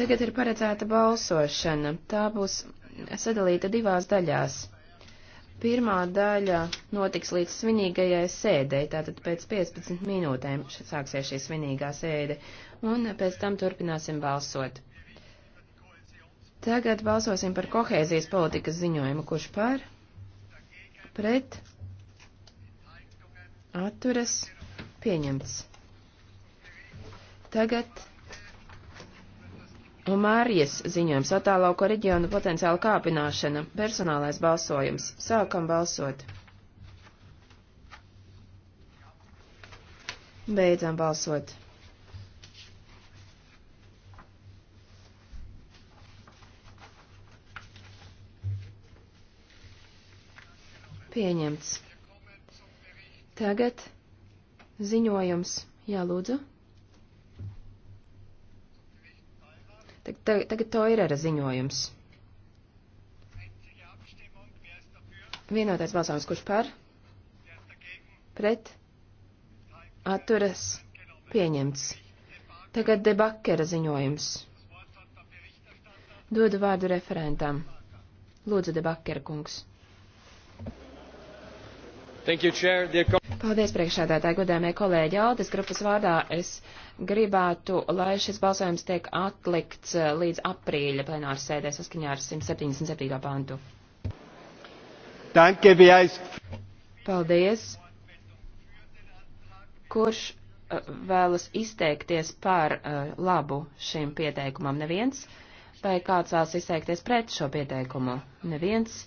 Tagad ir paredzēta balsošana. Tā būs sadalīta divās daļās. Pirmā daļa notiks līdz svinīgajai sēdei, tātad pēc 15 minūtēm sāksies šī svinīgā sēde, un pēc tam turpināsim balsot. Tagad balsosim par kohēzijas politikas ziņojumu, kurš par, pret, atturas, pieņemts. Tagad Mārijas ziņojums attālauko reģionu potenciāla kāpināšana. Personālais balsojums. Sākam balsot. Beidzam balsot. Pieņemts. Tagad ziņojums. Jā, lūdzu. Tagad, tagad to ir ar ziņojums. Vienotais balsojums, kurš par? Pret? Atturas? Pieņemts. Tagad debakera ziņojums. Dodu vārdu referentam. Lūdzu, debakera kungs. Thank you, Chair. Dear... Paldies, priekšādātāji, godāmie kolēģi. Aldis grupas vārdā es gribētu, lai šis balsojums tiek atlikts eh, līdz aprīļa plenāras sēdē saskaņā ar 177. pantu. Danke, aiz... Paldies. Kurš eh, vēlas izteikties par uh, labu šim pieteikumam? Neviens. Vai kāds vēlas izteikties pret šo pieteikumu? Neviens.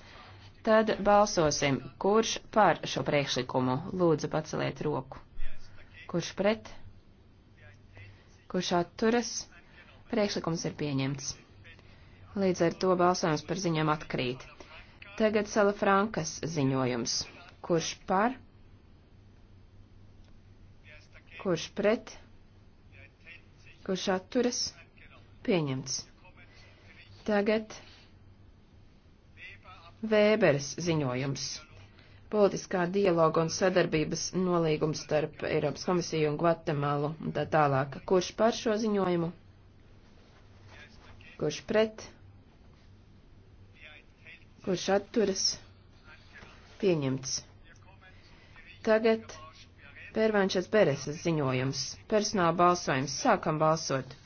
Tad balsosim, kurš par šo priekšlikumu. Lūdzu, paceliet roku. Kurš pret? Kurš atturas? Priekšlikums ir pieņemts. Līdz ar to balsojums par ziņām atkrīt. Tagad Sala Frankas ziņojums. Kurš par? Kurš pret? Kurš atturas? Pieņemts. Tagad Vēberes ziņojums. Politiskā dialoga un sadarbības nolīgums starp Eiropas komisiju un Gvatemalu un tā tālāk. Kurš par šo ziņojumu? Kurš pret? Kurš atturas? Pieņemts. Tagad Pērvanšas Bereses ziņojums. Personāla balsojums. Sākam balsot.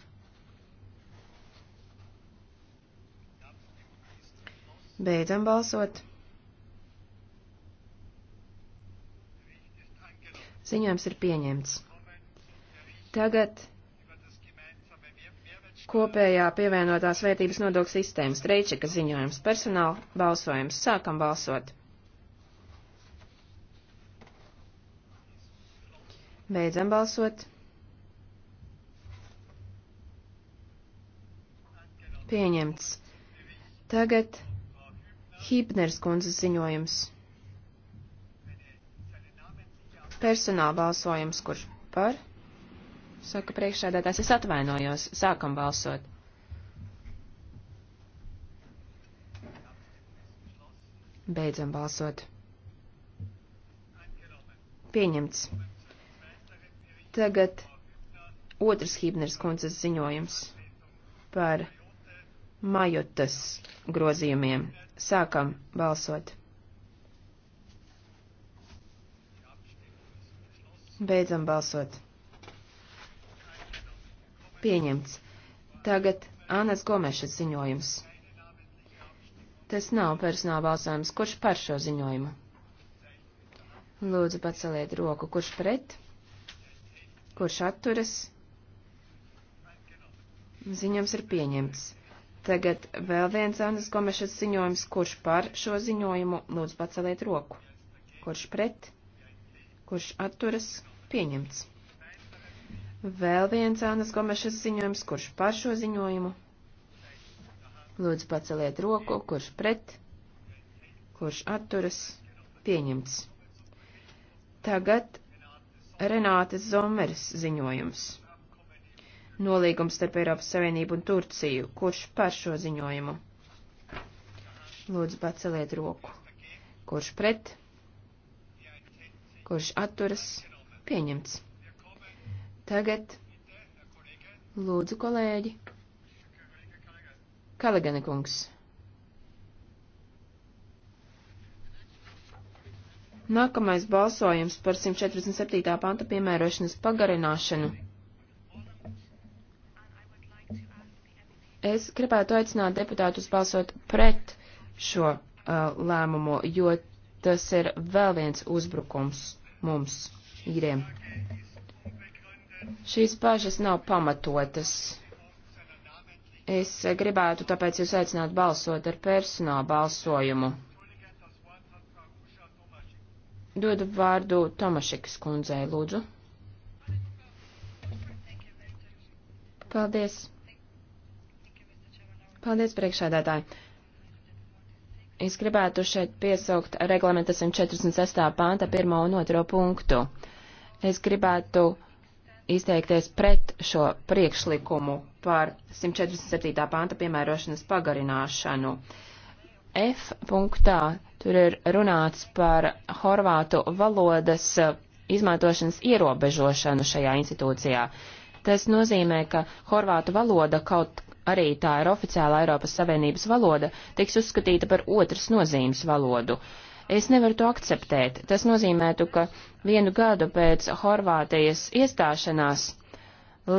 Beidzam balsot. Ziņojums ir pieņemts. Tagad kopējā pievienotās vērtības nodokļu sistēmas Reičika ziņojums personāla balsojums. Sākam balsot. Beidzam balsot. Pieņemts. Tagad Hībners kundzes ziņojums. Personāla balsojums, kurš par? Saka priekšsēdētājs, es atvainojos, sākam balsot. Beidzam balsot. Pieņemts. Tagad otrs Hībners kundzes ziņojums par majotas grozījumiem. Sākam balsot. Beidzam balsot. Pieņemts. Tagad Ānas Gomešas ziņojums. Tas nav personāla balsojums. Kurš par šo ziņojumu? Lūdzu, paceliet roku. Kurš pret? Kurš atturas? Ziņojums ir pieņemts. Tagad vēl viens Andas Gomešas ziņojums, kurš par šo ziņojumu lūdzu paceliet roku. Kurš pret, kurš atturas, pieņemts. Vēl viens Andas Gomešas ziņojums, kurš par šo ziņojumu. Lūdzu paceliet roku, kurš pret, kurš atturas, pieņemts. Tagad Renātes Zomeres ziņojums nolīgums starp Eiropas Savienību un Turciju. Kurš par šo ziņojumu? Lūdzu, paceliet roku. Kurš pret? Kurš atturas? Pieņemts. Tagad lūdzu, kolēģi. Kaligana kungs. Nākamais balsojums par 147. panta piemērošanas pagarināšanu. Es gribētu aicināt deputātus balsot pret šo uh, lēmumu, jo tas ir vēl viens uzbrukums mums, īriem. Šīs pašas nav pamatotas. Es gribētu tāpēc jūs aicināt balsot ar personālu balsojumu. Dodu vārdu Tomašikas kundzei, lūdzu. Paldies. Paldies, priekšādātāji. Es gribētu šeit piesaukt reglamenta 146. pānta 1 un 2 punktu. Es gribētu izteikties pret šo priekšlikumu par 147. pānta piemērošanas pagarināšanu. F punktā tur ir runāts par horvātu valodas izmantošanas ierobežošanu šajā institūcijā. Tas nozīmē, ka horvātu valoda kaut arī tā ir oficiāla Eiropas Savienības valoda, tiks uzskatīta par otras nozīmes valodu. Es nevaru to akceptēt. Tas nozīmētu, ka vienu gadu pēc Horvātijas iestāšanās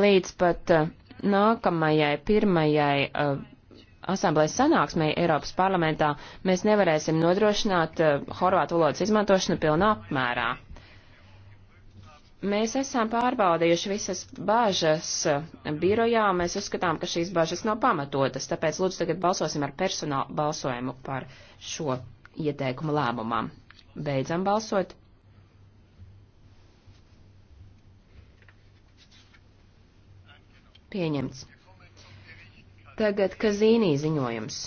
līdz pat eh, nākamajai pirmajai uh, eh, asamblējas sanāksmei Eiropas parlamentā mēs nevarēsim nodrošināt uh, horvātu valodas izmantošanu pilnā apmērā. Mēs esam pārbaudījuši visas bāžas birojā, mēs uzskatām, ka šīs bāžas nav pamatotas, tāpēc lūdzu tagad balsosim ar personālu balsojumu par šo ieteikumu lēmumam. Beidzam balsot. Pieņemts. Tagad Kazīnī ziņojums.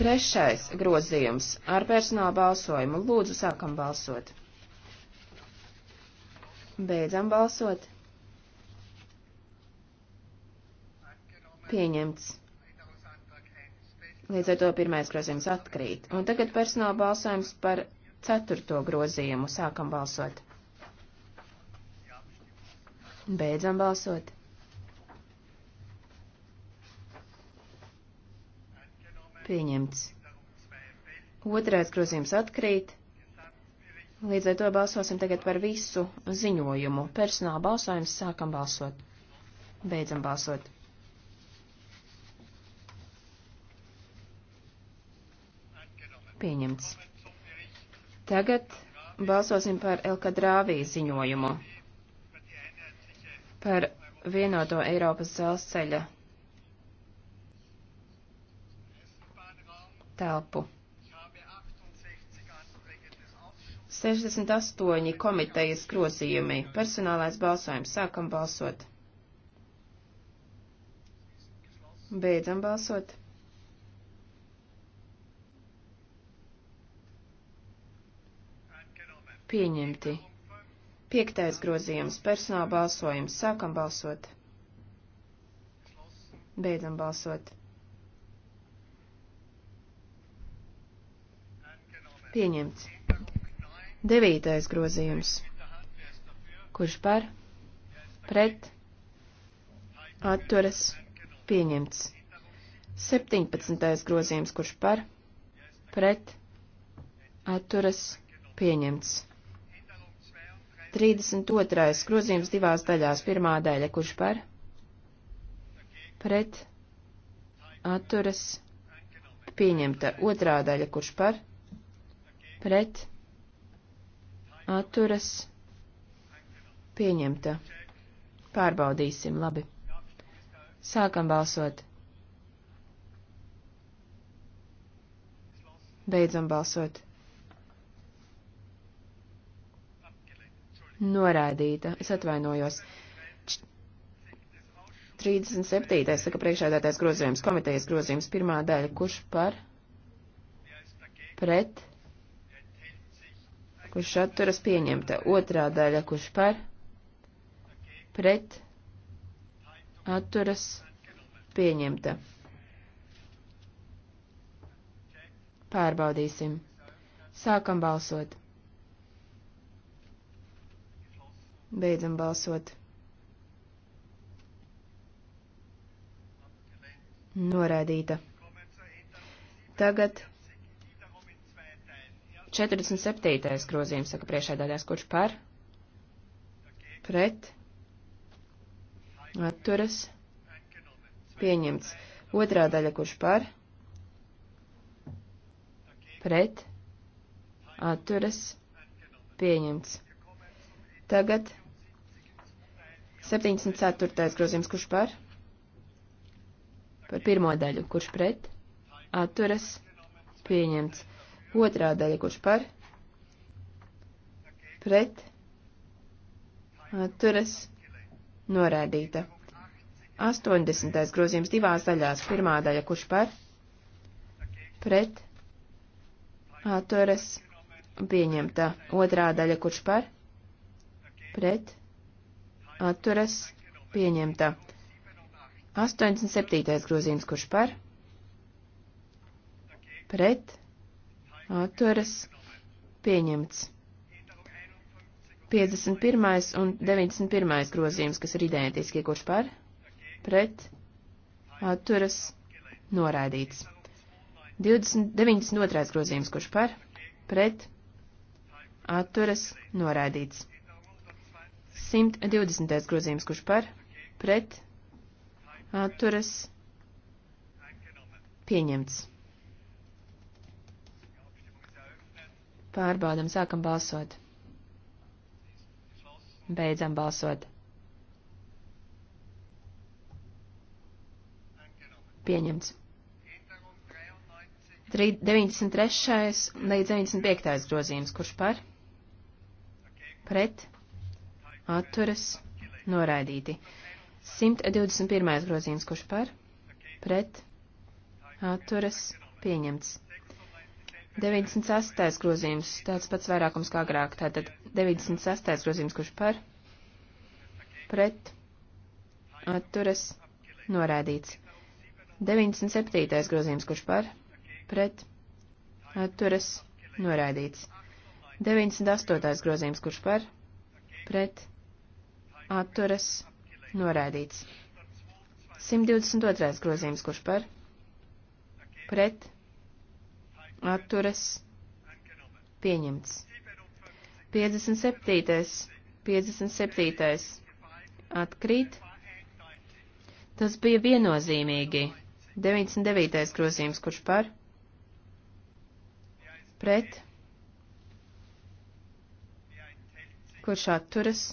Trešais grozījums ar personālu balsojumu. Lūdzu, sākam balsot. Beidzam balsot. Pieņemts. Līdz ar to pirmais grozījums atkrīt. Un tagad personāla balsojums par ceturto grozījumu. Sākam balsot. Beidzam balsot. Pieņemts. Otrais grozījums atkrīt. Līdz ar to balsosim tagad par visu ziņojumu. Personāla balsojums sākam balsot. Beidzam balsot. Pieņemts. Tagad balsosim par Elkadrāvī ziņojumu par vienoto Eiropas dzelzceļa telpu. 68 komitejas grozījumi. Personālais balsojums. Sākam balsot. Beidzam balsot. Pieņemti. Piektais grozījums. Personāla balsojums. Sākam balsot. Beidzam balsot. Pieņemts. Devītais grozījums. Kurš par? Pret? Atturas? Pieņemts. Septiņpadsmitais grozījums. Kurš par? Pret? Atturas? Pieņemts. 32. grozījums divās daļās. Pirmā daļa, kurš par? Pret. Atturas. Pieņemta. Otrā daļa, kurš par? pret atturas pieņemta. Pārbaudīsim, labi. Sākam balsot. Beidzam balsot. Norādīta. Es atvainojos. 37. saka priekšādātais grozījums, komitejas grozījums, pirmā daļa, kurš par pret kurš atturas pieņemta. Otrā daļa, kurš par, pret, atturas pieņemta. Pārbaudīsim. Sākam balsot. Beidzam balsot. Norādīta. Tagad 47. grozījums, saka priekšēdādājs, kurš par, pret, atturas, pieņemts. Otrā daļa, kurš par, pret, atturas, pieņemts. Tagad 74. grozījums, kurš par, par pirmo daļu, kurš pret, atturas, pieņemts. Otrā daļa, kurš par, pret, atturas, norādīta. 80. grozījums divās daļās. Pirmā daļa, kurš par, pret, atturas, pieņemta. Otrā daļa, kurš par, pret, atturas, pieņemta. 87. grozījums, kurš par, pret, atturas pieņemts. 51. un 91. grozījums, kas ir identiski, kurš par, pret, atturas, noraidīts. 20, 92. grozījums, kurš par, pret, atturas, noraidīts. 120. grozījums, kurš par, pret, atturas, pieņemts. Pārbaudam, sākam balsot. Beidzam balsot. Pieņemts. 93. līdz 95. grozījums, kurš par, pret, atturas, noraidīti. 121. grozījums, kurš par, pret, atturas, pieņemts. 98. grozījums, tāds pats vairākums kā agrāk, tātad 98. grozījums, kurš par, pret, atturas, norādīts. 97. grozījums, kurš par, pret, atturas, norādīts. 98. grozījums, kurš par, pret, atturas, norādīts. 122. grozījums, kurš par, pret, atturas pieņemts. 57. 57. atkrīt. Tas bija viennozīmīgi. 99. grozījums, kurš par? Pret? Kurš atturas?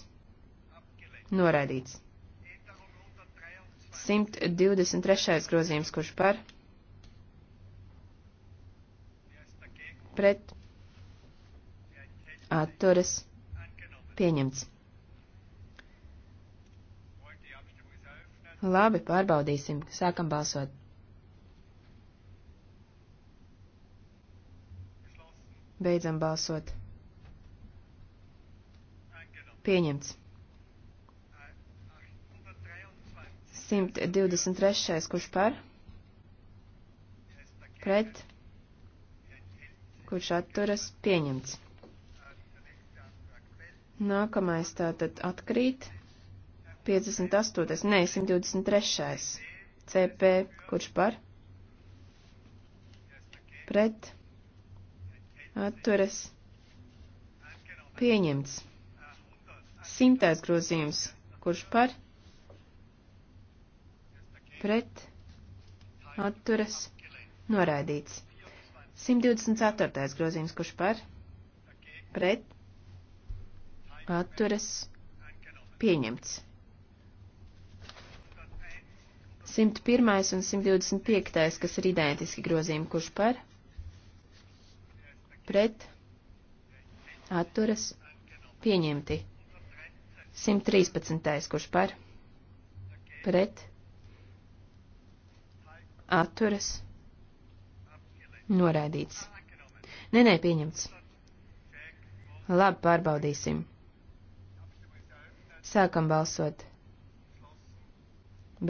Noraidīts. 123. grozījums, kurš par? pret atturas pieņemts. Labi, pārbaudīsim. Sākam balsot. Beidzam balsot. Pieņemts. 123. kurš par? Pret kurš atturas pieņemts. Nākamais tātad atkrīt. 58. Nē, 123. CP, kurš par? Pret. Atturas. Pieņemts. Simtais grozījums. Kurš par? Pret. Atturas. Noraidīts. 124. grozījums, kurš par, pret, atturas, pieņemts. 101. un 125. kas ir identiski grozījumi, kurš par, pret, atturas, pieņemti. 113. kurš par, pret, atturas, pieņemti Noraidīts. Nē, nē, pieņemts. Labi, pārbaudīsim. Sākam balsot.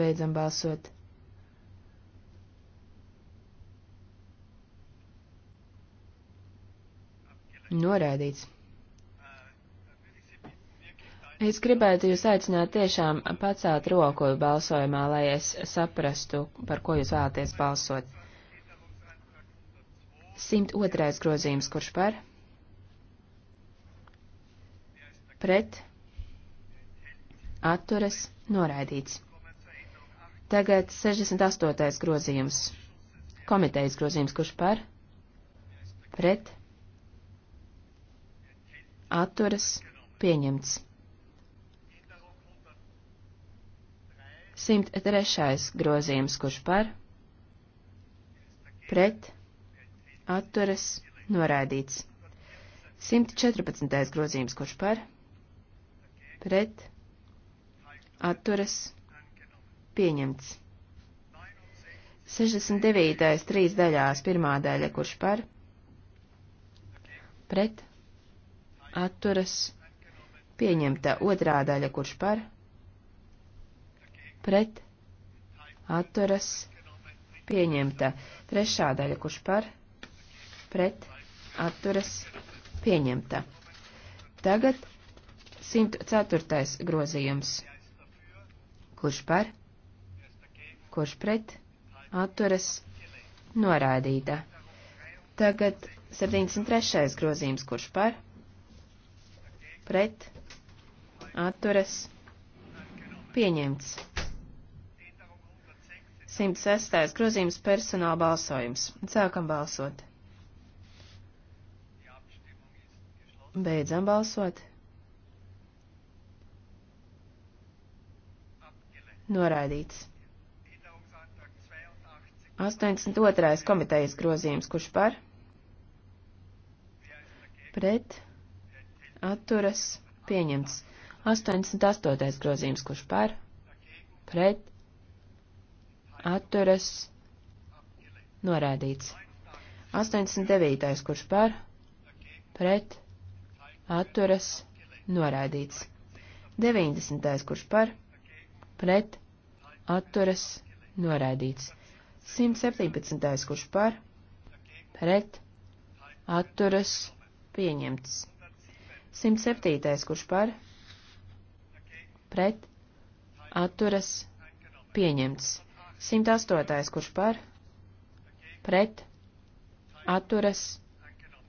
Beidzam balsot. Noraidīts. Es gribētu jūs aicināt tiešām pacelt roku balsojumā, lai es saprastu, par ko jūs vēlaties balsot. 102. grozījums, kurš par? Pret. Atturas. Noraidīts. Tagad 68. grozījums. Komitejas grozījums, kurš par? Pret. Atturas. Pieņemts. 103. grozījums, kurš par? Pret atturas norādīts. 114. grozījums, kurš par, pret, atturas, pieņemts. 69. trīs daļās, pirmā daļa, kurš par, pret, atturas, pieņemta, otrā daļa, kurš par, pret, atturas, pieņemta, trešā daļa, kurš par, pret, pret atturas pieņemta. Tagad 104. grozījums. Kurš par? Kurš pret? Atturas noraidīta. Tagad 73. grozījums. Kurš par? Pret? Atturas pieņemts. 106. grozījums personāla balsojums. Sākam balsot. Beidzam balsot. Noraidīts. 82. komitejas grozījums, kurš par? Pret. Atturas. Pieņemts. 88. grozījums, kurš par? Pret. Atturas. Noraidīts. 89. kurš par? Pret atturas, noraidīts. 90. kurš par, pret, atturas, noraidīts. 117. kurš par, pret, atturas, pieņemts. 107. kurš par, pret, atturas, pieņemts. 108. kurš par, pret, atturas,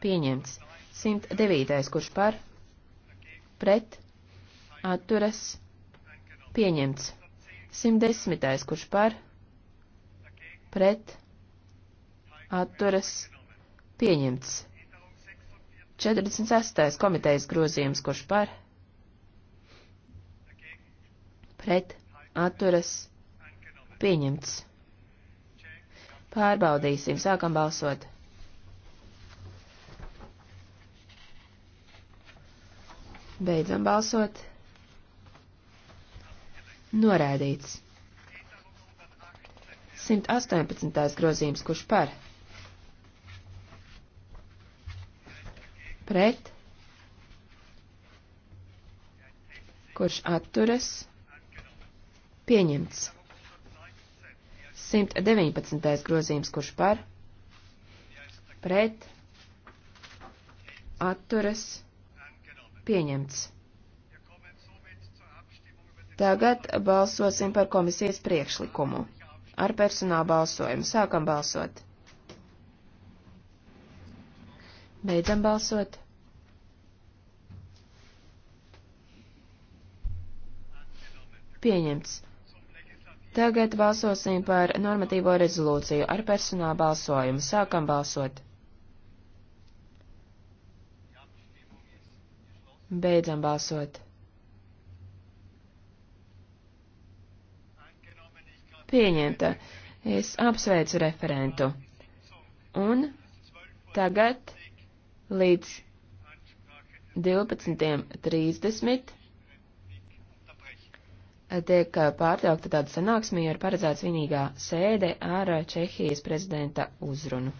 pieņemts. 109. kurš par, pret, atturas, pieņemts. 110. kurš par, pret, atturas, pieņemts. 46. komitejas grozījums, kurš par, pret, atturas, pieņemts. Pārbaudīsim, sākam balsot. Beidzam balsot. Norādīts. 118. grozījums, kurš par? Pret? Kurš atturas? Pieņemts. 119. grozījums, kurš par? Pret? Atturas? Pieņemts Pieņemts. Tagad balsosim par komisijas priekšlikumu. Ar personālu balsojumu sākam balsot. Beidzam balsot. Pieņemts. Tagad balsosim par normatīvo rezolūciju ar personālu balsojumu. Sākam balsot. Beidzam balsot. Pieņemta. Es apsveicu referentu. Un tagad līdz 12.30 tiek pārtraukta tāda sanāksmija, ir paredzēts vienīgā sēde ar Čehijas prezidenta uzrunu.